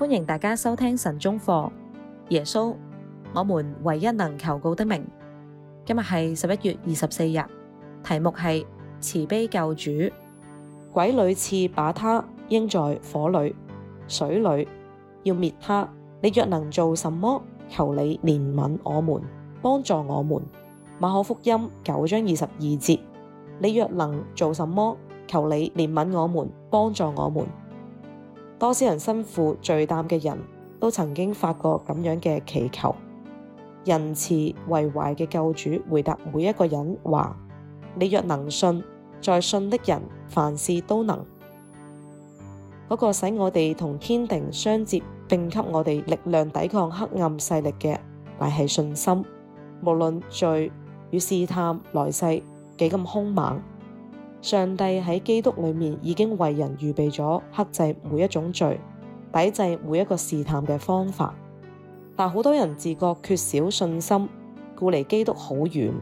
歡迎大家收聽晨鐘課，耶穌，我們唯一能求告的名。今日係十一月二十四日，題目係慈悲救主。鬼屢次把他扔在火裏、水裏，要滅他。你若能做什麼，求你憐憫我們，幫助我們。馬可福音九章二十二節，你若能做什麼，求你憐憫我們，幫助我們。多少人身負罪擔嘅人都曾經發過咁樣嘅祈求，仁慈為懷嘅救主回答每一個人話：你若能信，在信的人凡事都能。嗰、那個使我哋同天庭相接，並給我哋力量抵抗黑暗勢力嘅，乃係信心。無論罪與試探來勢幾咁凶猛。上帝喺基督裏面已經為人預備咗克制每一種罪、抵制每一個試探嘅方法，但好多人自覺缺少信心，故離基督好遠。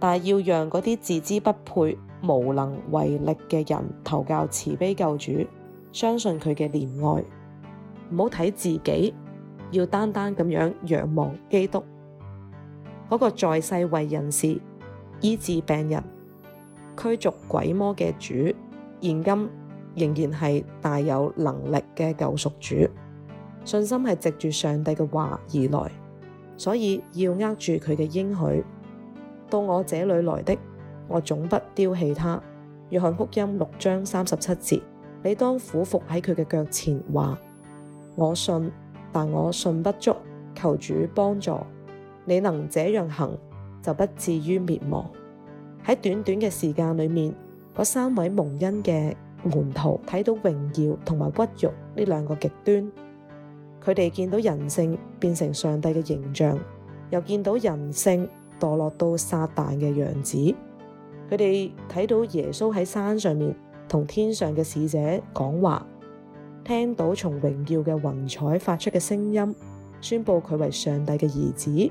但要讓嗰啲自知不配、無能為力嘅人投靠慈悲救主，相信佢嘅憐愛，唔好睇自己，要單單咁樣仰望基督嗰個在世為人時醫治病人，驅逐鬼魔嘅主，現今仍然係大有能力嘅救贖主。信心係藉住上帝嘅話而來，所以要握住佢嘅應許。到我這裏來的，我總不丟棄他。約翰福音六章三十七節：你當俯伏喺佢嘅腳前話，話我信，但我信不足，求主幫助。你能這樣行，就不至於滅亡。喺短短嘅時間裏面，嗰三位蒙恩嘅門徒睇到榮耀同埋屈辱呢兩個極端，佢哋見到人性變成上帝嘅形象，又見到人性墮落到撒旦嘅樣子，佢哋睇到耶穌喺山上面同天上嘅使者講話，聽到從榮耀嘅雲彩發出嘅聲音，宣布佢為上帝嘅兒子。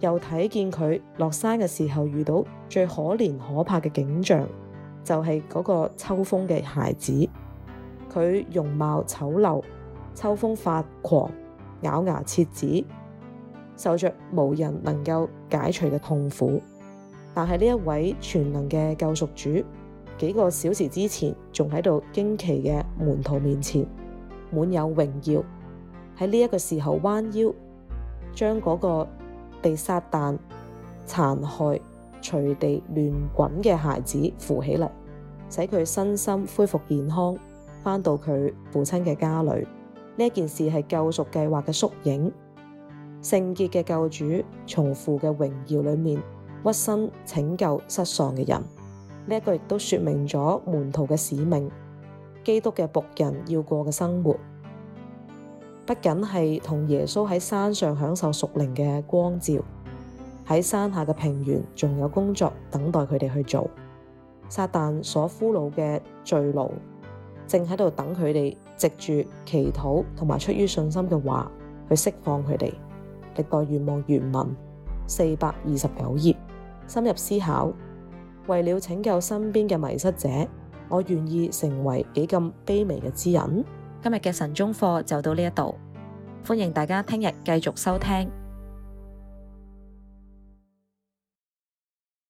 又睇見佢落山嘅時候遇到最可憐可怕嘅景象，就係、是、嗰個秋風嘅孩子，佢容貌醜陋，秋風發狂，咬牙切齒，受着無人能夠解除嘅痛苦。但係呢一位全能嘅救贖主，幾個小時之前仲喺度驚奇嘅門徒面前滿有榮耀，喺呢一個時候彎腰將嗰、那個。被撒旦殘害、隨地亂滾嘅孩子扶起嚟，使佢身心恢復健康，翻到佢父親嘅家裏。呢件事係救贖計劃嘅縮影，聖潔嘅救主從父嘅榮耀裏面屈身拯救失喪嘅人。呢一個亦都說明咗門徒嘅使命，基督嘅僕人要過嘅生活。不僅係同耶穌喺山上享受屬靈嘅光照，喺山下嘅平原仲有工作等待佢哋去做。撒旦所俘虜嘅罪奴，正喺度等佢哋藉住祈禱同埋出於信心嘅話去釋放佢哋。歷代願望原文四百二十九頁，深入思考。為了拯救身邊嘅迷失者，我願意成為幾咁卑微嘅之人。今日嘅晨鐘課就到呢一度，歡迎大家聽日繼續收聽。